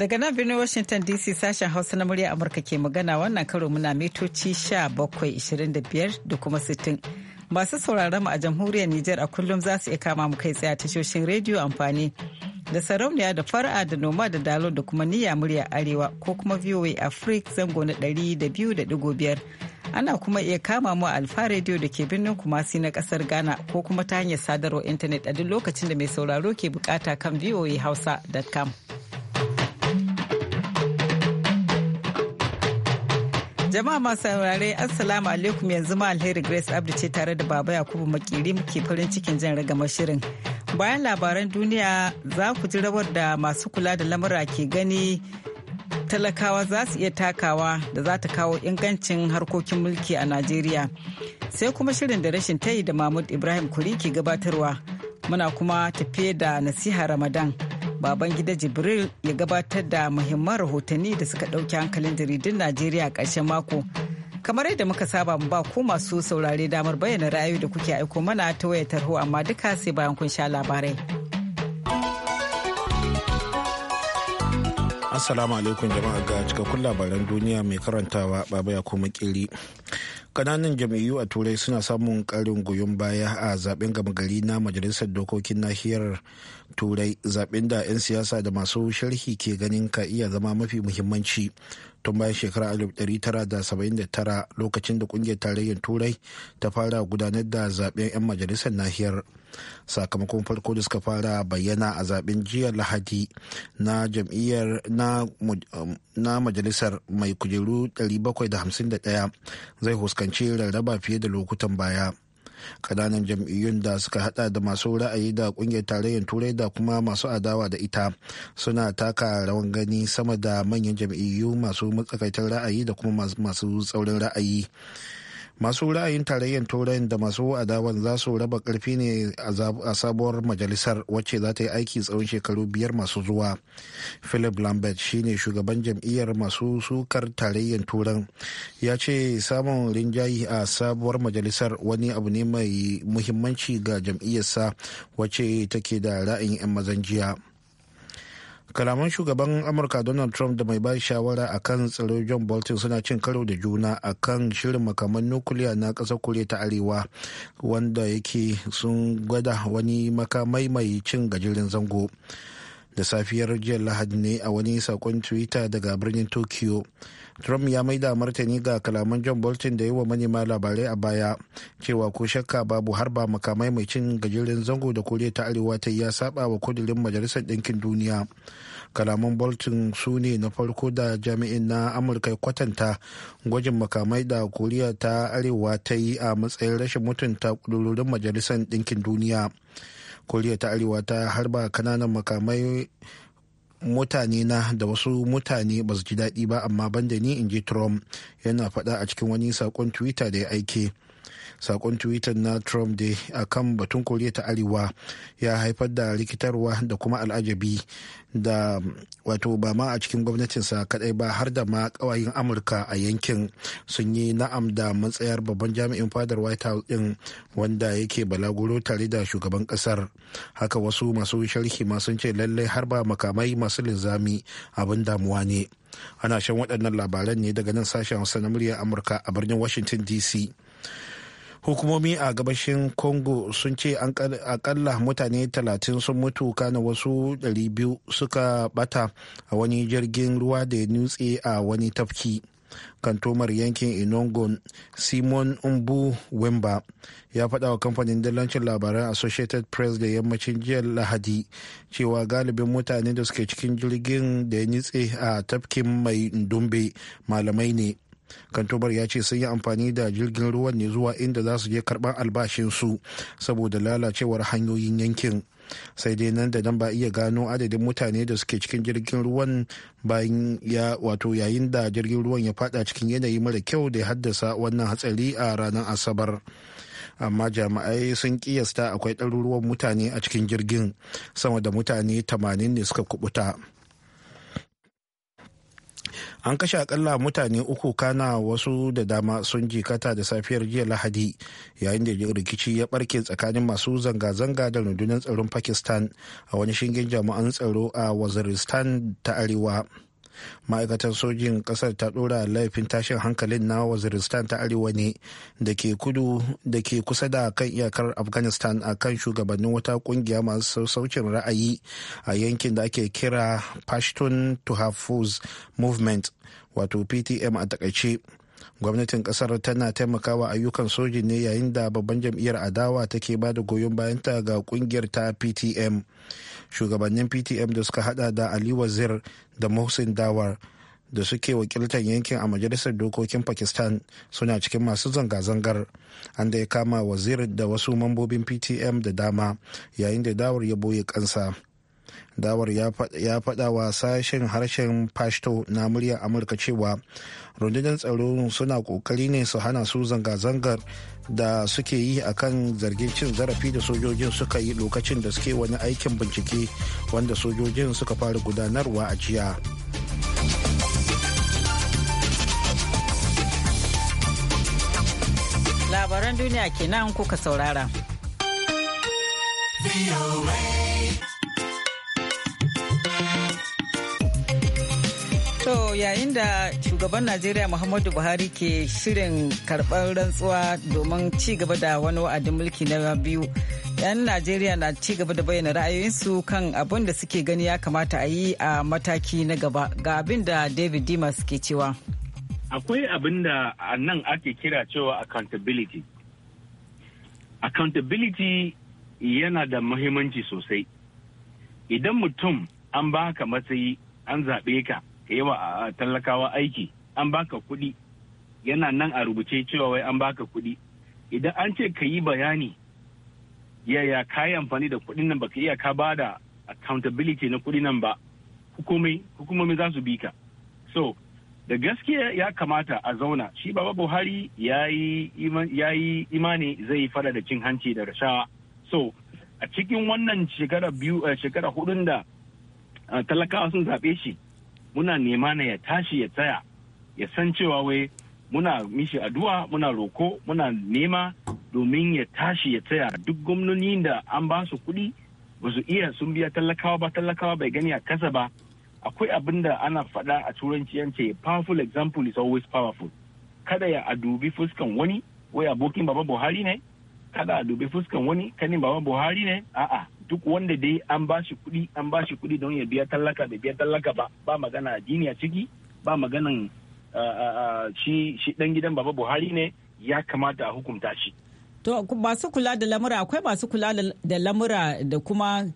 Daga nan birnin Washington DC sashen Hausa na murya Amurka ke magana wannan karo muna mitoci 1725 da kuma 60. Masu sauraron mu a jamhuriyar Nijar a kullum za su iya kama mu kai tsaye a tashoshin rediyo amfani da sarauniya da fara da noma da dalo da kuma niyya murya arewa ko kuma VOA Africa zango na 200.5. Ana kuma iya kama mu a Alfa Radio da ke birnin Kumasi na kasar Ghana ko kuma ta hanyar sadarwar intanet a duk lokacin da mai sauraro ke bukata kan voahausa.com. Jama'a masu saurare Assalamu alaikum yanzu ma alheri Grace Abdu ce tare da Baba Yakubu Makiri muke farin cikin jan ragama shirin. Bayan labaran duniya za ku ji rawar da masu kula da lamura ke gani talakawa za su iya takawa da za ta kawo ingancin harkokin mulki a Najeriya. Sai kuma shirin da rashin tayi da Mahmud Ibrahim Kuri ke gabatarwa. Muna kuma tafiye da nasiha Ramadan. baban gida jibril ya gabatar da muhimman rahotanni da suka ɗauki hankalin jaridun najeriya a ƙarshen mako kamar yadda muka saba mu ba ku masu saurare damar bayyana ra'ayoyi da kuke aiko mana ta wayar tarho amma duka sai bayan kun sha labarai assalamu alaikum jama'a ga cikakkun labaran duniya mai karantawa baba ya kuma kiri kananan jam'iyyu a turai suna samun karin goyon baya a zaben gama gari na majalisar dokokin nahiyar turai zaben da 'yan siyasa da masu sharhi ke ganin ka iya zama mafi muhimmanci tun bayan shekarar 1979 lokacin da kungiyar tarayyar turai ta fara gudanar da zaben 'yan majalisar nahiyar sakamakon farko da suka fara bayyana a zaben jiya lahadi na jam'iyyar na um, majalisar mai kujeru 751 zai huskanci rarraba fiye da lokutan baya kananan jam'iyyun da suka hada da masu ra'ayi da kungiyar tarayyar turai da kuma masu adawa da ita suna taka rawan gani sama da manyan jam'iyyu masu matsakaitar ra'ayi da kuma masu tsaurin ra'ayi masu ra'ayin tarayyar turai da masu adawan za su raba karfi ne a sabuwar majalisar wacce za ta yi aiki tsawon shekaru biyar masu zuwa philip lambert shine shugaban jam'iyyar masu sukar tarayyar turan ya ce samun rinjayi a sabuwar majalisar wani abu ne mai muhimmanci ga jam'iyyarsa wacce take da ra'ayin 'yan mazan jiya kalaman shugaban amurka donald trump da mai ba shawara a kan tsaro john bolton suna cin karo da juna a kan shirin makaman nukiliya na ƙasar koriya ta arewa wanda yake sun gwada wani makamai mai cin gajeren zango da safiyar jiya lahadi ne a wani sakon twitter daga birnin tokyo trump ya mai maida martani ga kalaman john bolton da yi wa manema labarai a baya cewa ko shakka babu harba makamai mai cin gajeren zango da koriya ta arewa ta ya saba wa kudurin majalisar ɗinkin duniya kalaman bolton su ne na farko da jami'in na amurka kwatanta gwajin makamai da koriya ta arewa ta yi a matsayin rashin mutunta kudurorin majalisar ɗinkin duniya koriya ta arewa ta harba kananan makamai mutane na da wasu mutane ba su ji daɗi ba amma banda ni in ji trump yana faɗa a cikin wani saƙon twitter da ya aike. sakon twitter na trump da a kan batun koriya ta arewa ya haifar da rikitarwa da kuma al'ajabi da wato ba ma a cikin gwamnatinsa kadai ba har da ma kawayin amurka a yankin sun yi na'am da matsayar babban jami'in fadar white house din wanda yake balaguro tare da shugaban kasar haka wasu masu sharhi ma sun ce lallai har ba makamai masu linzami abin damuwa ne ana shan waɗannan labaran ne daga nan sashen hausa na muryar amurka a birnin washington dc hukumomi a gabashin congo sun ce akalla mutane 30 sun mutu kana wasu 200 suka bata a wani jirgin ruwa da ya nutse a wani tafki kantomar yankin inongon simon umbu wemba ya faɗa wa kamfanin dillancin labaran associated press da yammacin jiyar lahadi cewa galibin mutane da suke cikin jirgin da ya nutse a tafkin mai dumbe malamai ne kantobar ya ce sun yi amfani da jirgin ruwan ne zuwa inda za su je karban albashinsu saboda lalacewar hanyoyin yankin sai dai nan da nan ba iya gano adadin mutane da suke cikin jirgin ruwan bayan ya wato yayin da jirgin ruwan ya fada cikin yanayi mara kyau da ya haddasa wannan hatsari a ranar asabar amma jami'ai sun kiyasta akwai ɗaruruwan mutane a cikin jirgin sama da mutane 80 ne suka kubuta. an kashe akalla mutane uku kana wasu da dama sun jikata da safiyar jiya lahadi yayin da rikici ya barke tsakanin masu zanga-zanga da rundunar tsaron pakistan a wani shingen jami'an tsaro a waziristan ta arewa ma'aikatar sojin kasar ta dora laifin tashin hankalin na waziristan ta arewa ne da ke kudu da ke kusa da kan iyakar afghanistan a kan shugabannin wata kungiya masu saukin ra'ayi a yankin da ake kira pashtun to hafuz movement wato ptm a takaice gwamnatin kasar tana taimakawa ayyukan soji ne yayin da babban jam'iyyar adawa take bada goyon bayanta ga kungiyar ta ptm shugabannin ptm da suka hada da ali wazir da mohsin dawar da suke wakiltar yankin a majalisar dokokin pakistan suna cikin masu zanga-zangar an da ya kama wazir da wasu mambobin ptm da dama yayin da dawar ya boye kansa dawar ya faɗa wa sashen harshen pashto na muryar amurka cewa rundunar tsaro suna ƙoƙari ne su hana su zanga-zangar da suke yi a kan zargin cin zarafi da sojojin suka yi lokacin da suke wani aikin bincike wanda sojojin suka fara gudanarwa a jiya. labaran duniya kenan kuka saurara. To yayin da shugaban Najeriya Muhammadu Buhari ke shirin karɓar rantsuwa domin ci gaba da wani wa'adin mulki na biyu, 'yan Najeriya na ci gaba da bayyana ra'ayoyinsu kan abin da suke gani ya kamata a yi a mataki na gaba ga abin da David Dimas ke cewa. Akwai abin da nan ake kira cewa accountability. Accountability yana da muhimmanci sosai. Idan mutum an baka matsayi an zaɓe ka. a tallakawa aiki an baka kuɗi yana nan a rubuce cewa wai an baka kuɗi idan an ce ka yi bayani yaya ka yi amfani da kuɗin nan baka iya ka ba da accountability na kuɗi nan ba hukumomi hukumomi za su bi ka so da gaskiya ya kamata a zauna shi baba buhari ya yi imani zai fada da cin hanci da rashawa so a cikin wannan shekara biyu eh, shekara hudun da eh, talakawa sun zaɓe shi muna nema na ya tashi ya tsaya ya san cewa wai muna mishi addu'a muna roko muna nema domin ya tashi ya tsaya duk gwamnoni da an ba su kuɗi ba su iya sun biya talakawa ba talakawa bai gani a kasa ba akwai abin da ana faɗa a turanci yance powerful example is always powerful kada ya adubi fuskan wani wai abokin baba buhari ne kada a dubi fuskan wani kanin baba buhari ne a'a duk wanda dai an ba shi kuɗi an ba shi kuɗi don ya biya tallaka da biya tallaka ba ba magana addini a ciki ba maganan shi shi dan gidan baba Buhari ne ya kamata a hukunta shi to masu kula da lamura akwai masu kula da lamura da kuma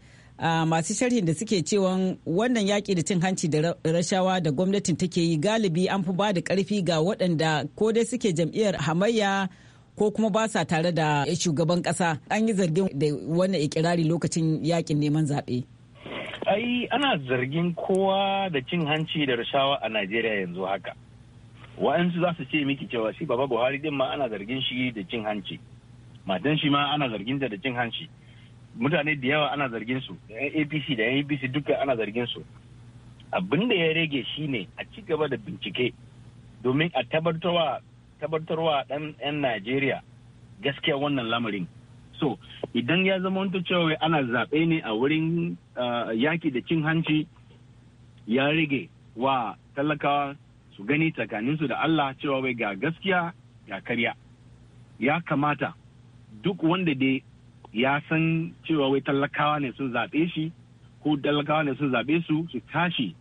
masu sharhin da suke cewa wannan yaki da cin hanci da rashawa da gwamnatin take yi galibi an fi ba da ƙarfi ga waɗanda ko dai suke jam'iyyar hamayya ko kuma ba sa tare da shugaban kasa an yi zargin da wannan ikirari lokacin yakin neman zaɓe. ai ana zargin kowa da cin hanci da rashawa a najeriya yanzu haka wa'ansu za su ce miki cewa shi baba buhari din ma ana zargin shi da cin hanci matan shi ma ana zargin da cin hanci mutane da yawa ana zargin su da ƴan apc da ƴan apc duka ana zargin su abin da ya rage shine a ci gaba da bincike domin a tabbatarwa tabbatarwa ɗan yan Najeriya gaskiya wannan lamarin. So idan ya zama wanta cewa ana zaɓe ne a wurin ah, yaƙi da cin hanci ya rage wa talakawa su gani tsakaninsu da Allah cewa wai ga gaskiya ga karya. Ya kamata duk wanda dai ya san cewa wai talakawa ne sun zaɓe shi ko talakawa ne sun zaɓe su su tashi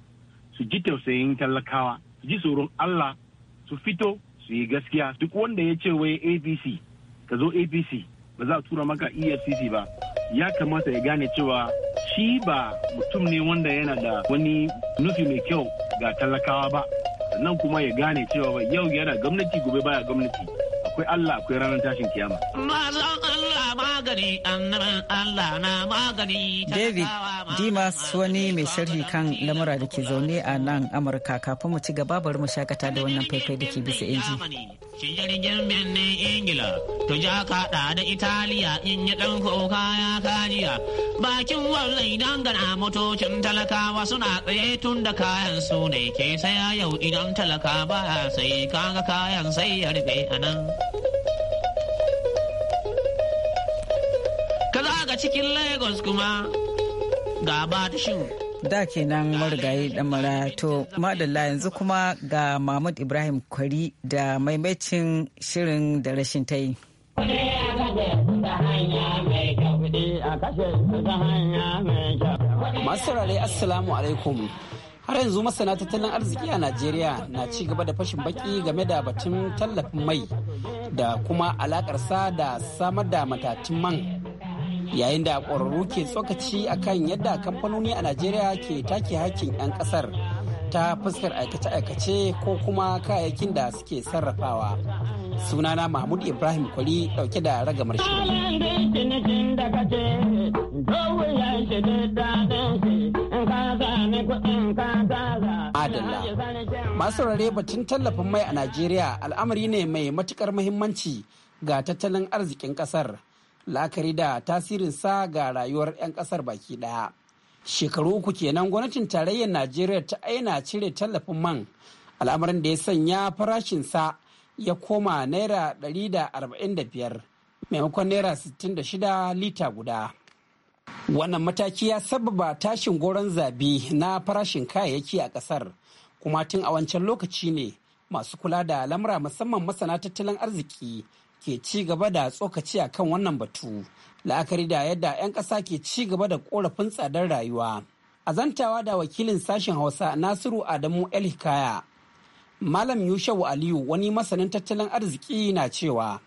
su ji tausayin talakawa su ji tsoron Allah su fito su eh, yi gaskiya duk wanda ya ce wai apc ka zo apc ba za a tura maka efcc ba ya kamata ya gane cewa shi ba mutum ne wanda yana da wani nufi mai kyau ga talakawa ba sannan kuma ya gane cewa yau yana gwamnati gobe baya gwamnati akwai allah akwai ranar tashin kiyama magani annaban Allah na magani. David Dimas wani mai sharhi kan lamura da ke zaune a nan Amurka kafin mu ci gaba bari mu shakata da wannan faifai da ke bisa inji. Shi jirgin birnin Ingila to ja kaɗa da Italiya in yi ɗan koka ya kajiya. Bakin wallai dangana motocin talakawa suna tsaye tun da kayan su ne ke saya yau idan talaka ba sai kaga kayan sai ya rufe a nan. cikin Lagos kuma ga Da kenan marigayi da marato madalla yanzu kuma ga Mahmud Ibrahim Kwari da maimacin shirin da rashin ta yi. Masu saurare Assalamu alaikum. har yanzu masana tattalin arziki a najeriya na ci gaba da fashin baki game da batun tallafin mai da kuma alakarsa da samar da matatun man yayin da ƙwararru ke tsokaci a kan yadda kamfanoni a najeriya ke take hakkin 'yan ƙasar ta fuskar aikace-aikace ko kuma kayayyakin da suke sarrafawa sunana mahmud ibrahim kwali dauke da ragamar shirin adalla masu rare batun tallafin mai a najeriya al'amari ne mai matukar muhimmanci ga tattalin arzikin kasar la'akari da tasirin sa ga rayuwar 'yan ƙasar baki ɗaya. Shekaru uku kenan gwamnatin tarayyar Najeriya ta aina cire tallafin man al'amarin da ya sanya farashin sa ya koma naira 145 maimakon naira 66 lita guda. Wannan mataki ya sababa tashin goron zabi na farashin kayayyaki a ƙasar, kuma tun a wancan lokaci ne masu kula da lamura musamman masana tattalin arziki ke ci gaba da tsokaci a kan wannan batu la'akari da yadda 'yan ƙasa ke ci gaba da korafin tsadar rayuwa a zantawa da wakilin sashen hausa nasiru adamu el hikaya malam yushau aliyu wani masanin tattalin arziki na cewa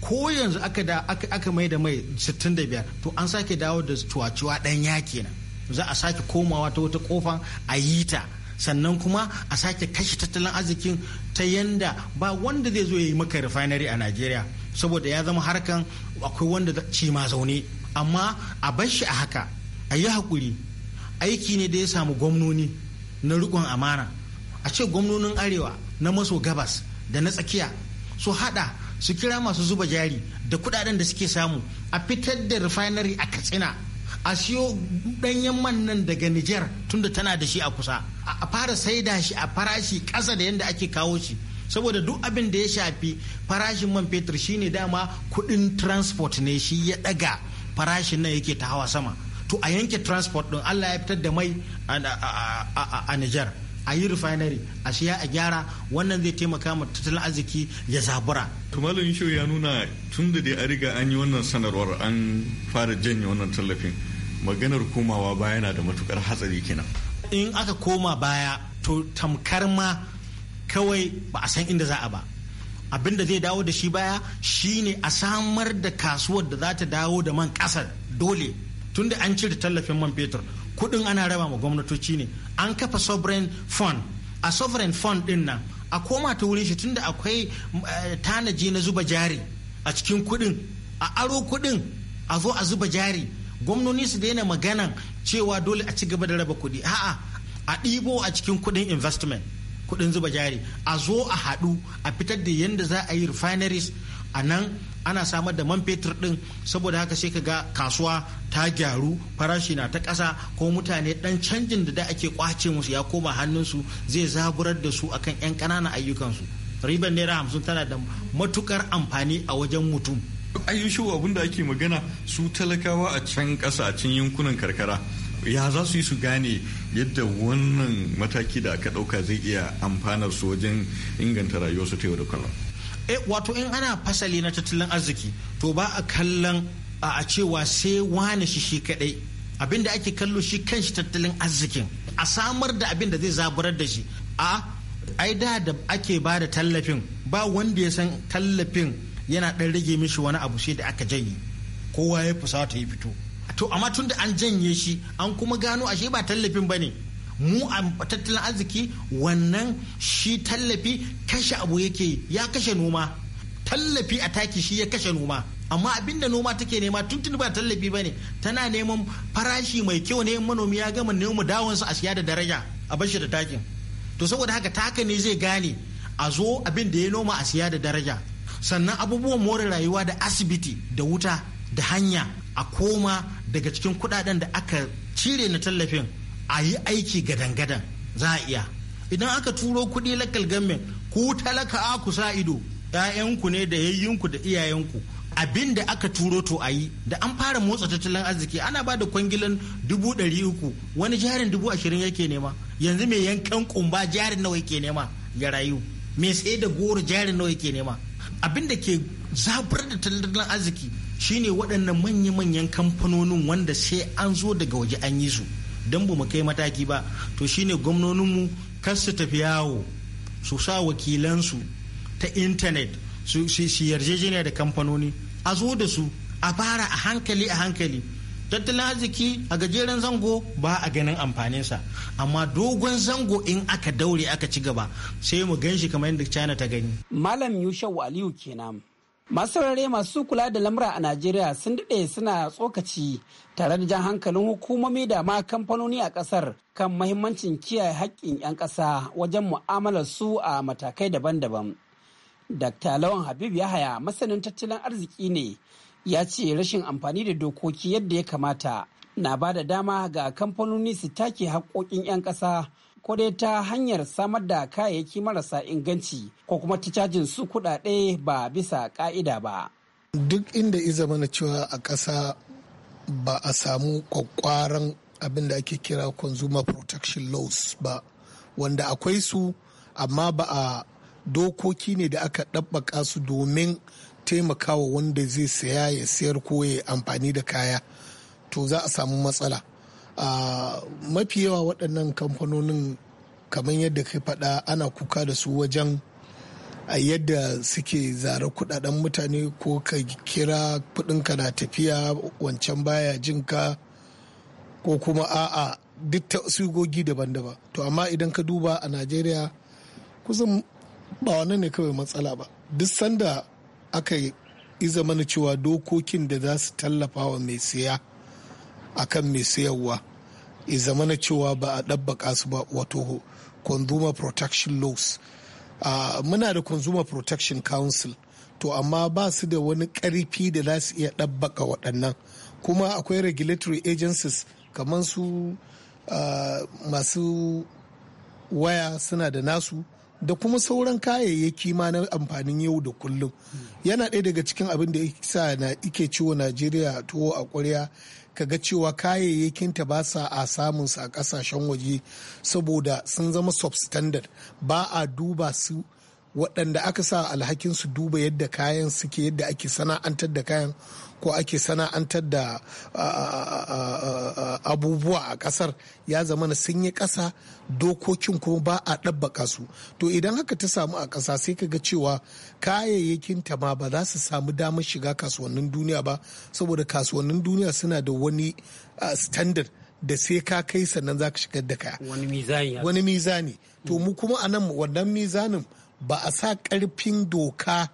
ko yanzu aka da aka mai da mai 65 to an sake dawo da cuwacuwa dan ya kenan za a sake komawa ta wata kofa a yi ta sannan kuma a sake kashe tattalin arzikin ta yanda ba wanda zai zo ya yi maka refinery a Najeriya saboda ya zama harkan akwai wanda ci ma zaune amma a bar shi a haka a yi hakuri aiki ne da ya samu gwamnoni na rikon amana a ce gwamnonin arewa na maso gabas da na tsakiya su hada su kira masu zuba jari da kudaden da suke samu a fitar da refinery a katsina a siyo ɗanyen man nan daga niger tunda tana da shi a kusa a fara saida shi a farashi ƙasa da yadda ake kawo shi saboda duk abin da ya shafi farashin man fetur shine dama kuɗin transport ne shi ya ɗaga farashin nan yake ta hawa sama to a yanke transport din allah ya fitar da mai a Niger a yi refinery a siya a gyara wannan zai taimaka ma tattalin arziki ya zabura. malamin sho ya nuna tun da dai a riga an yi wannan sanarwar an fara janye wannan tallafin maganar komawa baya yana da matukar hatsari kenan. in aka koma baya to tamkar ma kawai ba a san inda za a ba abin da zai dawo da shi baya shine a samar da kasuwar da za ta dawo da man kasar dole tunda an cire tallafin man fetur kudin ana raba ma gwamnatoci ne an kafa sovereign fund a sovereign fund din nan a koma ta wurin shi tunda akwai eh, tanaji na zuba jari a cikin kudin a aro kudin a zo a zuba jari gwamnoni su daina magana cewa dole a ci gaba da raba kuɗi a'a a ɗibo a cikin kuɗin investment kuɗin zuba jari a zo a haɗu a fitar da yadda za a yi refineries a nan ana samar da man fetur ɗin saboda haka sai ka ga kasuwa ta gyaru farashi na ta ƙasa ko mutane ɗan canjin da da ake kwace musu ya koma hannunsu zai zaburar da su akan 'yan ƙananan ayyukansu ribar naira hamsin tana da matukar amfani a wajen mutum ayyun shi abun da ake magana su talakawa a can kasa a can yankunan karkara ya za su yi su gane yadda wannan mataki da aka ɗauka zai iya amfanar su wajen inganta rayuwarsu ta yau da kullum. Eh, wato in ana fasali na tattalin arziki to ba a kallon a cewa sai wane shi shi kadai abin da ake kallo shi kan shi tattalin arzikin a samar da abin da zai zaburar da shi a ai da da ake ba da tallafin ba wanda ya san tallafin yana ɗan rage mishi wani abu sai da aka janye kowa ya fusata ya fito to amma tun da an janye shi an kuma gano ashe ba tallafin ba ne mu a tattalin arziki wannan shi tallafi kashe abu yake ya kashe noma tallafi a taki shi ya kashe noma amma abin da noma take nema tun tun ba tallafi ba ne tana neman farashi mai kyau ne manomi ya gama noma dawonsa a siya da daraja a bashi da takin to saboda haka taka ne zai gane a zo abin da ya noma a siya da daraja sannan abubuwan more rayuwa da asibiti da wuta da hanya a koma daga cikin kudaden da aka cire na tallafin a yi aiki gadan-gadan za a iya idan aka turo kuɗi lakal gamin ku talaka a ku sa ido 'ya'yanku ne da yayyinku da iyayenku abin da aka turo to a yi da an fara motsa tattalin arziki ana ba da kwangilan dubu ɗari uku wani jarin dubu ashirin yake nema yanzu mai yankan kumba jarin nawa yake nema ya rayu mai sai da goro jarin nawa yake nema abin da ke zabar da tattalin arziki shine waɗannan manya-manyan kamfanonin wanda sai an zo daga waje an yi su don ba kai mataki ba to shine gwamnoninmu kar su tafi yawo su sa wakilansu ta intanet su yarjejeniya da kamfanoni a zo da su a fara a hankali a hankali tattalin arziki a gajeren zango ba a ganin amfaninsa amma dogon zango in aka daure aka ci gaba sai mu gan shi kamar yadda china ta gani malam yushau aliyu kenan masu rare masu kula da lamura a najeriya sun daɗe suna tsokaci tare da jan hankalin hukumomi da ma kamfanoni a ƙasar kan mahimmancin kiyaye haƙƙin 'yan ƙasa wajen mu'amalar su a matakai daban-daban dr lawan habib yahaya masanin tattalin arziki ne ya ce rashin amfani da dokoki yadda ya kamata na ba da dama ga kamfanoni su take haƙoƙin 'yan ƙasa ko dai ta hanyar samar da kayayyaki marasa inganci ko kuma ta cajin su kuɗaɗe ba bisa ƙa'ida ba. Duk inda iza mana cewa a ƙasa ba a samu kwakwaran abin da ake kira consumer protection laws ba wanda akwai su amma ba a dokoki ne da aka ɗabbaka su domin taimakawa wanda zai saya ya sayar ko ya amfani da kaya to za a samu matsala mafi yawa waɗannan kamfanonin kamar yadda kai faɗa ana kuka da su wajen a yadda suke zara kudaden mutane ko ka kira kudinka na tafiya wancan baya jinka ko kuma a'a duk ta sigogi daban-daban to amma idan ka duba a najeriya kusan ba wani ne kawai matsala ba duk sanda aka iza mana cewa dokokin da za su tallafa wa mai siya akan mai sayarwa iza mana cewa ba a ɗabbaka su ba wato consumer protection laws muna da consumer protection council to amma ba su da wani ƙarfi da za su iya ɗabbaka waɗannan kuma akwai regulatory agencies kamar su masu waya suna da nasu da kuma sauran kayayyaki ma na amfanin yau da kullum yana ɗaya daga cikin abin da sa na ike ciwo najeriya tuwo a ƙwarya ga cewa kayayyakinta ba sa a samunsa a ƙasashen waje saboda sun zama substandard ba a duba su waɗanda aka sa alhakin su duba yadda kayan suke yadda ake sana'antar da kayan ko ake sana'antar da abubuwa a kasar ya zama na yi kasa dokokin kuma ba a ɗabbaka su to idan haka ta samu a ƙasa sai ka ga cewa kayayyakin ta ma ba za su samu damar shiga kasuwannin duniya ba saboda kasuwannin duniya suna da wani standard da sai ka kai sannan za ka shigar da kaya wani mizani to mu kuma a nan wannan mizanin ba a sa ƙarfin doka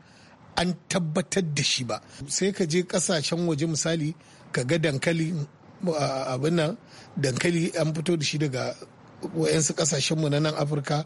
an tabbatar da shi ba sai ka je kasashen waje misali ka ga dankali abin dankali an fito da shi daga wayansu mu na nan afirka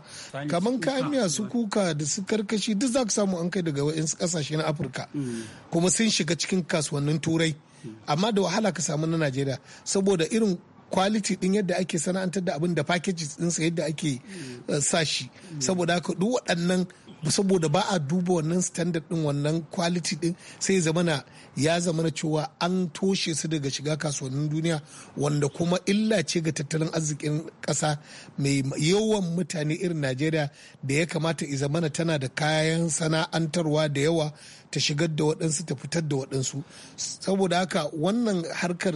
kamar miya su kuka da su karkashi duk za ka samu an kai daga wayansu kasashe na afirka mm. kuma sun shiga cikin kasuwannin turai mm. amma da wahala ka samu na najeriya saboda irin kwaliti din yadda ake sana'antar da abin da packages dinsa yadda ake mm. eh, sa shi saboda haka duk waɗannan saboda ba a duba wannan standard din wannan quality din sai zamana ya zamana cewa an toshe su daga shiga kasuwannin duniya wanda kuma illa ce ga tattalin arzikin kasa mai yawan mutane irin najeriya da ya kamata i zamana tana da kayan sana'antarwa da yawa ta shigar da waɗansu ta fitar da waɗansu saboda haka wannan harkar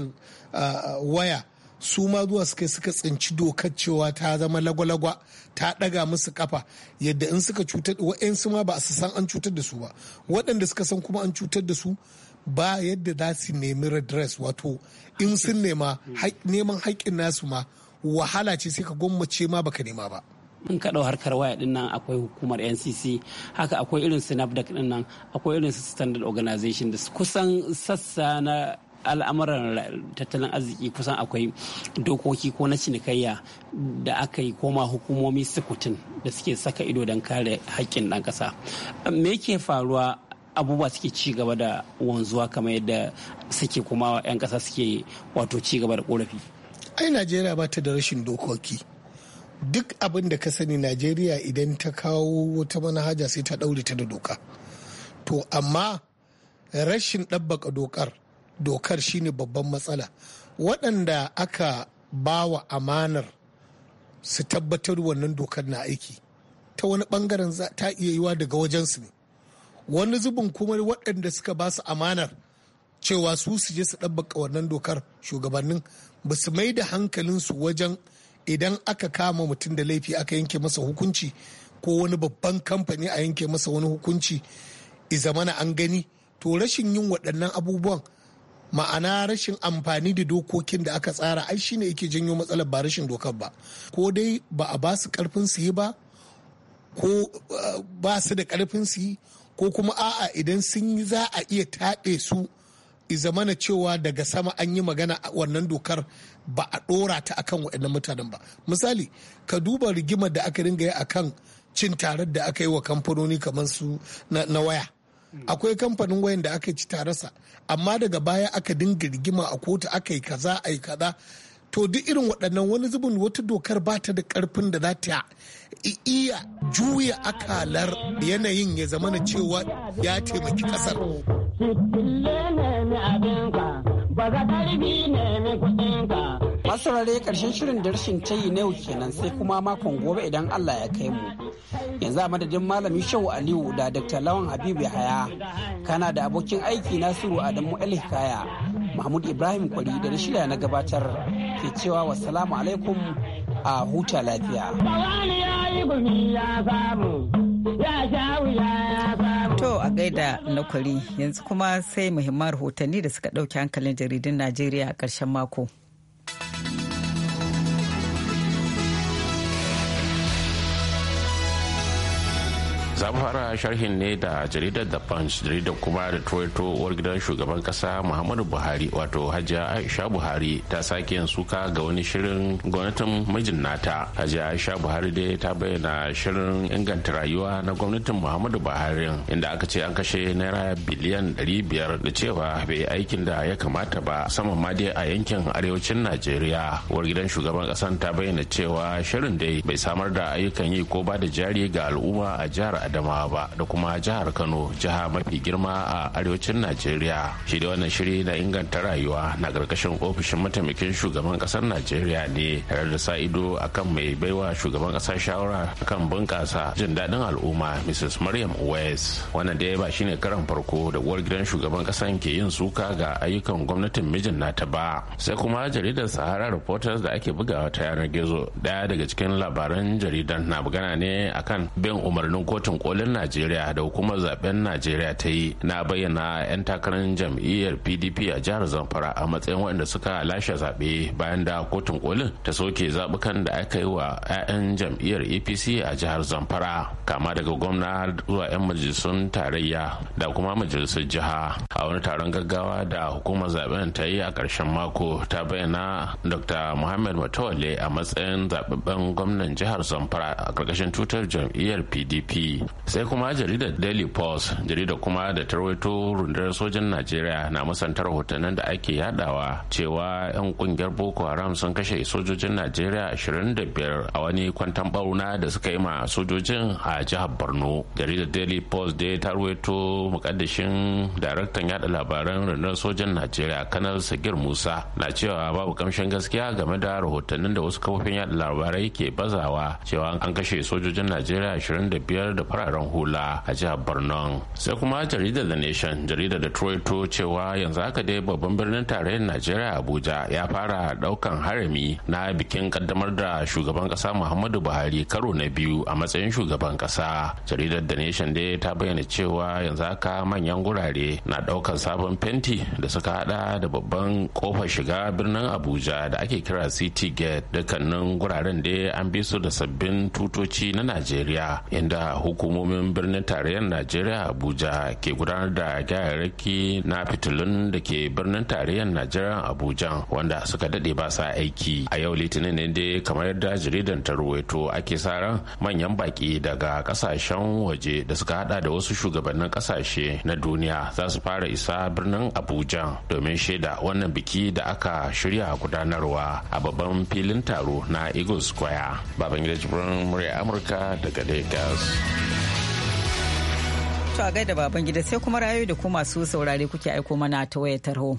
ah, waya su ma zuwa suka suka tsinci dokar cewa ta zama lagwalagwa ta daga musu kafa yadda in suka cutar wa'yansu ma ba su san an cutar da su ba waɗanda suka san kuma an cutar da su ba yadda za su nemi redress wato in sun nema neman haƙƙin nasu ma wahala ce sai ka gwammace ma baka nema ba. in ka ɗau harkar waya din nan akwai hukumar ncc haka akwai irin snapdac din nan akwai irin standard organization da kusan sassa na al'amuran tattalin arziki kusan akwai dokoki ko na cinikayya da aka yi koma hukumomi sukutun da suke saka ido don kare haƙƙin ɗan ƙasa me yake faruwa abubuwa suke ci gaba da wanzuwa kamar yadda suke kuma 'yan ƙasa suke wato ci gaba da ƙorafi ai najeriya ba ta da rashin dokoki duk abin da ka sani najeriya idan ta kawo wata manhaja sai ta ɗaure ta da doka to amma rashin ɗabbaka dokar dokar shine babban matsala waɗanda aka ba wa amanar su tabbatar wannan dokar na aiki ta wani bangaren ta iya yiwa daga wajensu ne wani zubin kuma waɗanda suka ba su amanar cewa su su je su ɗabbaka wannan dokar shugabannin ba su mai da hankalinsu wajen idan aka kama mutum da laifi aka yanke masa hukunci ko wani babban kamfani a yanke masa wani hukunci izamana an gani to rashin yin waɗannan abubuwan ma'ana rashin amfani da dokokin da aka tsara ai shine yake janyo matsalar ba rashin dokar ba ko dai ba a basu su karfin su yi ba ko eh, ba su da karfin su yi ko kuma a'a idan sun yi za a iya taɗe su zamana cewa daga sama an yi magana a wannan dokar ba a ɗora ta akan waɗannan mutanen ba misali ka duba rigimar da aka ringa yi akan cin tarar da aka yi wa kamfanoni kamar su na waya akwai kamfanin wayan da aka ci tarasa amma daga baya aka dinga rigima a kotu aka yi kaza a yi kaza to duk irin waɗannan wani zubin wata dokar ba ta da ƙarfin da za ta iya juya akalar yanayin ya zama na cewa ya taimaki ƙasar. Ba ne kuɗinka, saurare karshen shirin da rashin tayi na yau kenan sai kuma makon gobe idan allah ya kai mu yanzu a madadin malami shehu aliyu da dr lawan habibu haya kana da abokin aiki nasiru adamu alhikaya mahmud ibrahim kwari da shirya na gabatar ke cewa salamu alaikum a huta lafiya To a gaida na kwari yanzu kuma sai muhimman rahotanni da suka ɗauki hankalin jaridun Najeriya a ƙarshen mako. za mu fara sharhin ne da jaridar da punch jaridar kuma da toyoto uwar gidan shugaban kasa muhammadu buhari wato hajiya aisha buhari ta sake yin suka ga wani shirin gwamnatin mijin nata hajiya aisha buhari dai ta bayyana shirin inganta rayuwa na gwamnatin muhammadu buhari inda aka ce an kashe naira biliyan biyar da cewa bai aikin da ya kamata ba saman ma dai a yankin arewacin najeriya uwar gidan shugaban kasan ta bayyana cewa shirin dai bai samar da ayyukan yi ko ba da jari ga al'umma a jihar adamawa ba da kuma jihar kano jiha mafi girma a arewacin najeriya shi da wannan shiri na inganta rayuwa na karkashin ofishin mataimakin shugaban kasar najeriya ne tare da sa ido akan mai baiwa shugaban kasar shawara kan bunkasa jin daɗin al'umma mrs maryam west wannan da ya ba shine karan farko da uwar gidan shugaban kasar ke yin suka ga ayyukan gwamnatin mijin nata ba sai kuma jaridar sahara reporters da ake bugawa ta yanar gizo daya daga cikin labaran jaridan na magana ne akan bin umarnin kotun kolin najeriya da hukumar zaben najeriya ta yi na bayyana 'yan takarar jam'iyyar pdp a jihar zamfara a matsayin waɗanda suka lashe zaɓe bayan da kotun kolin ta soke zaɓukan da aka yi wa 'ya'yan jam'iyyar apc a jihar zamfara kama daga gwamna zuwa 'yan majalisun tarayya da kuma majalisar jiha a wani taron gaggawa da hukumar zaben ta yi a ƙarshen mako ta bayyana dr muhammad matawalle a matsayin zaɓaɓɓen gwamnan jihar zamfara a ƙarƙashin tutar jam'iyyar pdp sai kuma jaridar daily post jaridar kuma da tarwaito rundunar sojan najeriya na musantar rahotannin da ake yadawa cewa 'yan kungiyar boko haram sun kashe sojojin najeriya 25 a wani kwantan bauna da suka yi ma sojojin a jihar borno jaridar daily post dai tarwaito mukaddashin daraktan yada labaran rundunar sojan najeriya kanar sagir musa na cewa babu kamshin gaskiya game da rahotannin da wasu kafofin yada labarai ke bazawa cewa an kashe sojojin najeriya 25 da fararen hula a jihar borno sai kuma jaridar the nation jaridar da to cewa yanzu haka dai babban birnin tarayyar najeriya abuja ya fara daukan harami na bikin kaddamar da shugaban kasa muhammadu buhari karo na biyu a matsayin shugaban kasa jaridar the nation dai ta bayyana cewa yanzu haka manyan gurare na daukan sabon fenti da suka hada da babban kofar shiga birnin abuja da ake kira city gate dukkanin guraren dai an bi su da sabbin tutoci na najeriya inda hukumar hukumomin birnin tarayyar najeriya abuja ke gudanar da gyararraki na fitilun da ke birnin tarayyar najeriya abuja wanda suka dade ba sa aiki a yau litinin ne dai kamar yadda jaridan ta ruwaito ake sa ran manyan baki daga kasashen waje da suka hada da wasu shugabannin kasashe na duniya za su fara isa birnin abuja domin shaida wannan biki da aka shirya gudanarwa a babban filin taro na eagle square babangida jibrin murya amurka daga lagos To a gaida baban gida sai kuma rayu da ku masu saurare kuke aiko mana ta wayar tarho.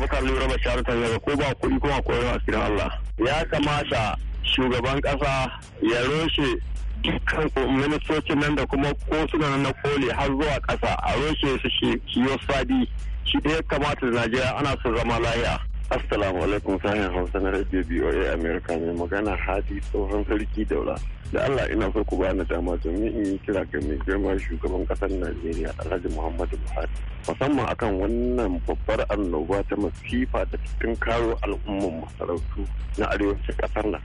bakar lura ba shi ta yaga ko ba kuɗi ko a koyar a Allah. Ya kamata shugaban ƙasa ya roshe dukkan ministocin nan da kuma ko suna na koli har zuwa kasa a roshe su shi kiyo sadi shi da ya kamata da najeriya ana son zama lahiya assalamu alaikum sahin hausa na radio boa america mai magana hadi tsohon sarki daula da allah ina so ku bani dama domin in yi kira ga mai girma shugaban kasar najeriya alhaji muhammadu buhari musamman akan wannan babbar annoba ta masifa da cikin karo al'umman masarautu na arewacin kasar nan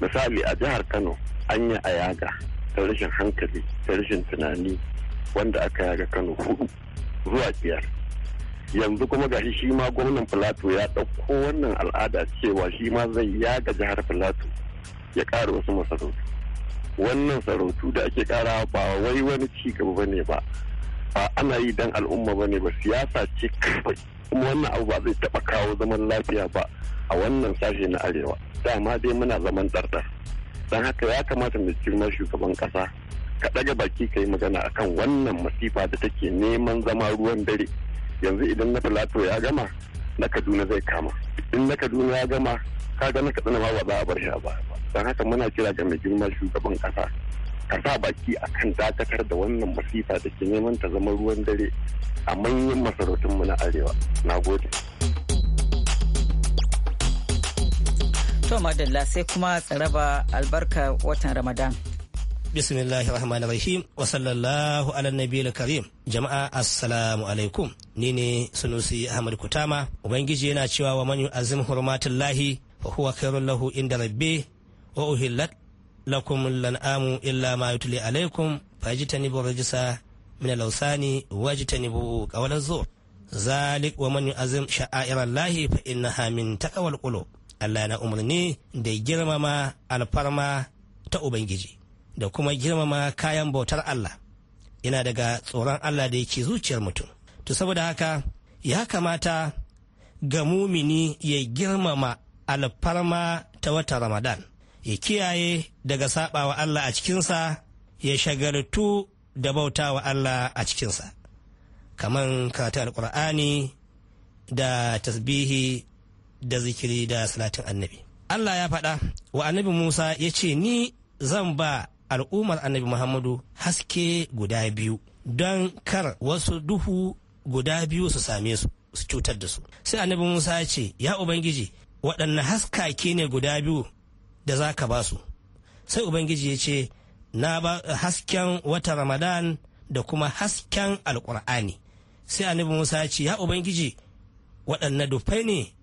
misali a jihar kano an yi a yaga da rashin hankali da rashin tunani wanda aka yaga kano hudu zuwa biyar yanzu kuma gashi shi ma gwamnan filato ya ɗauko wannan al'ada cewa shi ma zai yaga jihar filato ya ƙara wasu masarautu wannan sarautu da ake ƙara ba wai wani ci gaba ba ne ba ba ana yi dan al'umma ba ne ba siyasa ce kawai kuma wannan abu ba zai taɓa kawo zaman lafiya ba a wannan sashe na arewa dama dai muna zaman ɗarɗar don haka ya kamata mai girma shugaban kasa ka ɗaga baki ka yi magana akan wannan masifa da take neman zama ruwan dare yanzu idan na filato ya gama na kaduna zai kama in na kaduna ya gama ka na kaduna ma ba za a bar shi ba don haka muna kira ga mai girma shugaban kasa ka sa baki akan dakatar da wannan masifa da ke neman ta zama ruwan dare a manyan mu na arewa na gode To madalla sai kuma tsaraba albarka watan Ramadan. Bismillahir Rahmanir Rahim wa sallallahu ala nabiyil karim. Jama'a assalamu alaikum. Ni ne Sunusi Ahmad Kutama. Ubangiji yana cewa wa man azim hurmatullahi wa huwa khairul lahu inda rabbi wa uhillat lakum lan'amu illa ma yutli alaikum fajtanibu rajsa min al-awsani wajtanibu qawlan zur. Zalik wa man azim sha'airallahi fa innaha min taqwal qulub. Allah na umarni da girmama alfarma ta Ubangiji da kuma girmama kayan bautar Allah yana daga tsoron Allah da yake zuciyar mutum. To saboda haka ya kamata ga mumini ya girmama alfarma ta wata Ramadan ya kiyaye daga sabawa Allah a cikinsa ya shagaltu da bautawa Allah a cikinsa. Kaman karatu alkur'ani da tasbihi da zikiri da salatin annabi Allah ya faɗa wa annabi Musa ya ce ni zan ba al'ummar annabi Muhammadu haske guda biyu don kar wasu duhu guda biyu su same su su cutar da su sai annabi Musa ya ce ya ubangiji waɗanne haskake ne guda biyu da za ka ba su sai ubangiji ya ce na ba hasken wata ramadan da kuma hasken alkur'ani sai annabi musa ya ce ya ubangiji waɗanne dufai ne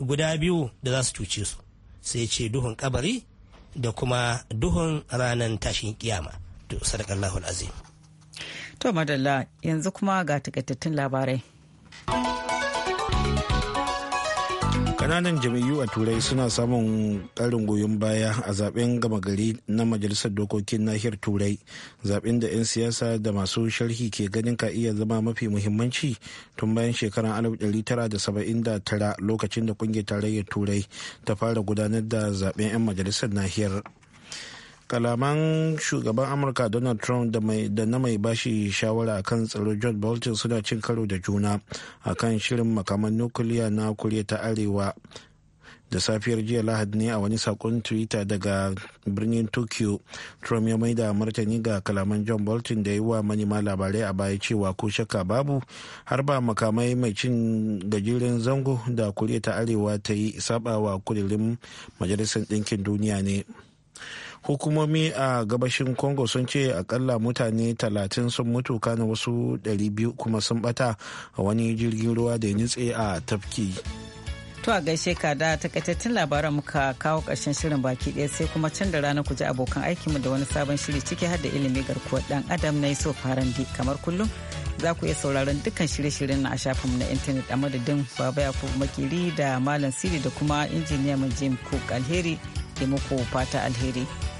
guda biyu da za su cuce su sai ce duhun kabari da kuma duhun ranar tashin kiyama to sadakallahu azim to madalla yanzu kuma ga takaitattun labarai kananan jam'iyyu a turai suna samun karin goyon baya a zaben gama gari na majalisar dokokin nahiyar turai zaben da 'yan siyasa da masu sharhi ke ganin ka iya zama mafi muhimmanci tun bayan shekarar 1979 lokacin da kungiyar tarayyar turai ta fara gudanar da zaben 'yan majalisar nahiyar kalaman shugaban amurka donald trump da na mai bashi shawara a kan tsaro john bolton suna cin karo da juna a kan shirin makaman nukiliya na kuriya ta arewa da safiyar jiya lahadi ne a wani sakon twitter daga birnin tokyo trump ya maida martani ga kalaman john bolton da yi wa manima labarai a baya cewa ko shakka babu har ba makamai mai cin gajeren zango da kuriya ta arewa ta yi sabawa kudirin majalisar ɗinkin duniya ne hukumomi a gabashin congo sun ce akalla mutane 30 sun mutu kana wasu 200 kuma sun bata a wani jirgin ruwa da ya nutse a tafki To a gaishe ka da takaitattun labaran muka kawo ƙarshen shirin baki ɗaya sai kuma can da rana ku ji abokan aikinmu da wani sabon shiri ciki har da ilimi garkuwar ɗan adam na faran bi kamar kullum za ku iya sauraron dukkan shirye-shiryen na a shafinmu na intanet a madadin Baba yakub Makiri da Malam Siri da kuma injiniya mai Jim Cook Alheri da muku fata alheri.